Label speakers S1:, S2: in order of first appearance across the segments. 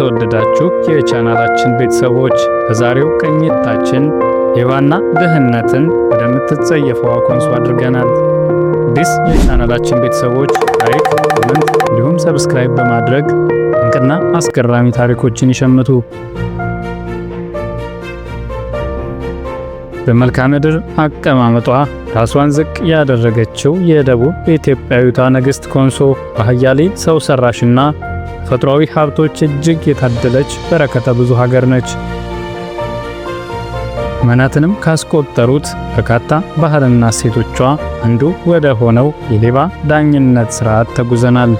S1: የተወደዳችሁ የቻናላችን ቤተሰቦች በዛሬው ቅኝታችን ሌባና ድህነትን ወደምትጸየፈዋ ኮንሶ አድርገናል። አዲስ የቻናላችን ቤተሰቦች ላይክ፣ ኮመንት እንዲሁም ሰብስክራይብ በማድረግ ድንቅና አስገራሚ ታሪኮችን ይሸምቱ። በመልክዓ ምድር አቀማመጧ ራሷን ዝቅ ያደረገችው የደቡብ ኢትዮጵያዊቷ ንግሥት ኮንሶ በአህያሌ ሰው ሰራሽና በተፈጥሯዊ ሀብቶች እጅግ የታደለች በረከተ ብዙ ሀገር ነች። መናትንም ካስቆጠሩት በርካታ ባህልና እሴቶቿ አንዱ ወደ ሆነው የሌባ ዳኝነት ሥርዓት ተጉዘናል።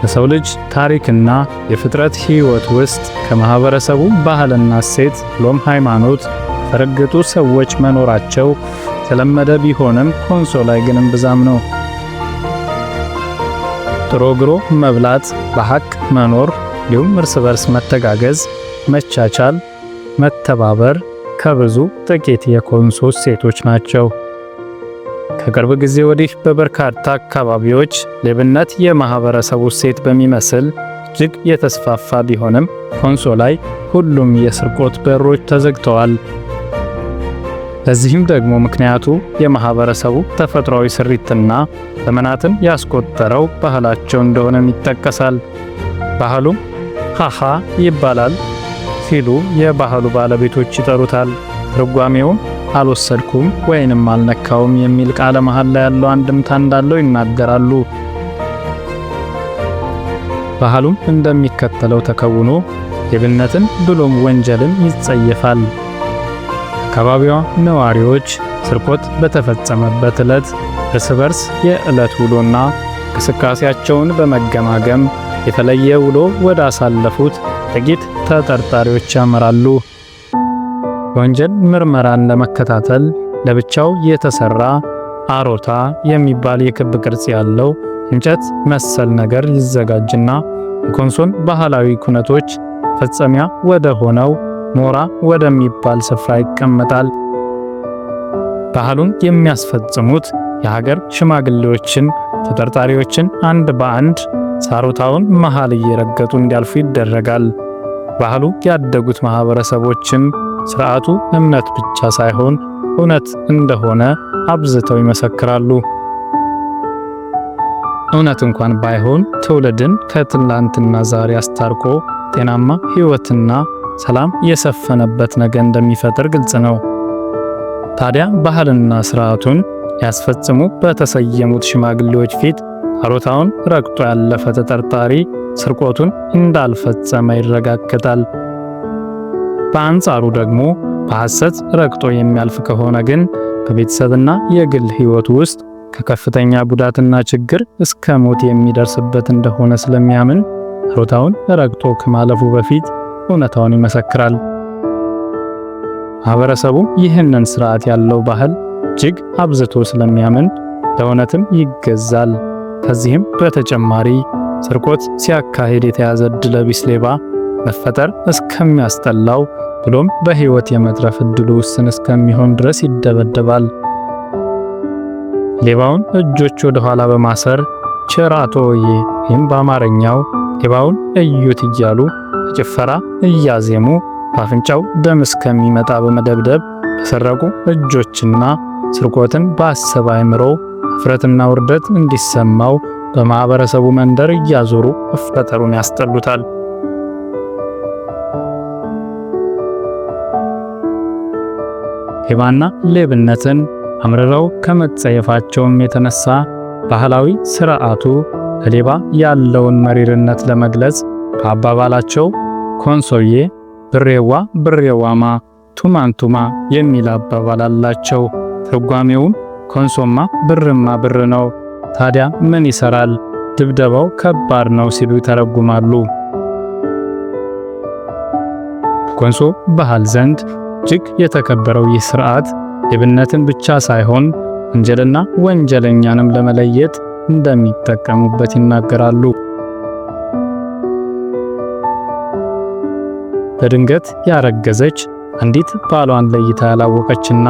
S1: በሰው ልጅ ታሪክና የፍጥረት ሕይወት ውስጥ ከማኅበረሰቡ ባህልና እሴት ብሎም ሃይማኖት የተረገጡ ሰዎች መኖራቸው የተለመደ ቢሆንም ኮንሶ ላይ ግን እምብዛም ነው። ተሮግሮ ግሮ መብላት፣ በሐቅ መኖር እንዲሁም እርስ በርስ መተጋገዝ፣ መቻቻል፣ መተባበር ከብዙ ጥቂት የኮንሶ እሴቶች ናቸው። ከቅርብ ጊዜ ወዲህ በበርካታ አካባቢዎች ሌብነት የማህበረሰቡ እሴት በሚመስል እጅግ የተስፋፋ ቢሆንም ኮንሶ ላይ ሁሉም የስርቆት በሮች ተዘግተዋል። ለዚህም ደግሞ ምክንያቱ የማህበረሰቡ ተፈጥሯዊ ስሪትና ዘመናትን ያስቆጠረው ባህላቸው እንደሆነም ይጠቀሳል። ባህሉም ሃሃ ይባላል ሲሉ የባህሉ ባለቤቶች ይጠሩታል። ትርጓሜውም አልወሰድኩም ወይንም አልነካውም የሚል ቃለ መሐላ ያለው አንድምታ እንዳለው ይናገራሉ። ባህሉም እንደሚከተለው ተከውኖ ሌብነትን ብሎም ወንጀልን ይጸየፋል። የአካባቢዋ ነዋሪዎች ስርቆት በተፈጸመበት ዕለት እርስ በርስ የዕለት ውሎና እንቅስቃሴያቸውን በመገማገም የተለየ ውሎ ወደ አሳለፉት ጥቂት ተጠርጣሪዎች ያመራሉ። የወንጀል ምርመራን ለመከታተል ለብቻው የተሰራ አሮታ የሚባል የክብ ቅርጽ ያለው እንጨት መሰል ነገር ይዘጋጅና የኮንሶን ባህላዊ ኩነቶች ፈጸሚያ ወደ ሆነው ኖራ ወደሚባል ስፍራ ይቀመጣል። ባህሉን የሚያስፈጽሙት የሀገር ሽማግሌዎችን ተጠርጣሪዎችን አንድ በአንድ ሳሮታውን መሃል እየረገጡ እንዲያልፉ ይደረጋል። ባህሉ ያደጉት ማህበረሰቦችም ስርዓቱ እምነት ብቻ ሳይሆን እውነት እንደሆነ አብዝተው ይመሰክራሉ። እውነት እንኳን ባይሆን ትውልድን ከትላንትና ዛሬ አስታርቆ ጤናማ ህይወትና ። ሰላም የሰፈነበት ነገ እንደሚፈጥር ግልጽ ነው። ታዲያ ባህልና ስርዓቱን ያስፈጽሙ በተሰየሙት ሽማግሌዎች ፊት አሮታውን ረግጦ ያለፈ ተጠርጣሪ ስርቆቱን እንዳልፈጸመ ይረጋገጣል። በአንጻሩ ደግሞ በሐሰት ረግጦ የሚያልፍ ከሆነ ግን በቤተሰብና የግል ሕይወቱ ውስጥ ከከፍተኛ ጉዳትና ችግር እስከ ሞት የሚደርስበት እንደሆነ ስለሚያምን ሮታውን ረግጦ ከማለፉ በፊት እውነታውን ይመሰክራል። ማህበረሰቡ ይህንን ስርዓት ያለው ባህል እጅግ አብዝቶ ስለሚያምን ለእውነትም ይገዛል። ከዚህም በተጨማሪ ስርቆት ሲያካሂድ የተያዘ ዕድለቢስ ሌባ መፈጠር እስከሚያስጠላው ብሎም በሕይወት የመትረፍ ዕድሉ ውስን እስከሚሆን ድረስ ይደበደባል። ሌባውን እጆች ወደ ኋላ በማሰር ቸራቶ ወይም በአማርኛው ሌባውን እዩት እያሉ ጭፈራ እያዜሙ በአፍንጫው ደም እስከሚመጣ በመደብደብ በሰረቁ እጆችና ስርቆትን በአሰብ አይምሮ እፍረትና ውርደት እንዲሰማው በማኅበረሰቡ መንደር እያዞሩ መፈጠሩን ያስጠሉታል። ሌባና ሌብነትን አምርረው ከመጸየፋቸውም የተነሳ ባህላዊ ስርዓቱ ለሌባ ያለውን መሪርነት ለመግለጽ ከአባባላቸው ኮንሶዬ ብሬዋ ብሬዋማ ቱማንቱማ የሚል አባባል አላቸው። ትርጓሜውም ኮንሶማ ብርማ ብር ነው፣ ታዲያ ምን ይሰራል? ድብደባው ከባድ ነው ሲሉ ይተረጉማሉ። ኮንሶ ባህል ዘንድ እጅግ የተከበረው ይህ ስርዓት ሌብነትን ብቻ ሳይሆን ወንጀልና ወንጀለኛንም ለመለየት እንደሚጠቀሙበት ይናገራሉ። በድንገት ያረገዘች አንዲት ባሏን ለይታ ያላወቀችና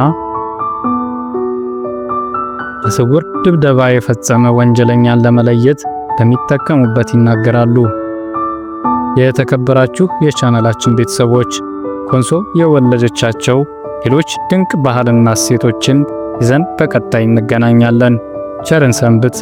S1: በስውር ድብደባ የፈጸመ ወንጀለኛን ለመለየት እንደሚጠቀሙበት ይናገራሉ። የተከበራችሁ የቻናላችን ቤተሰቦች ኮንሶ የወለደቻቸው ሌሎች ድንቅ ባህልና እሴቶችን ይዘን በቀጣይ እንገናኛለን። ቸርን ሰንብት።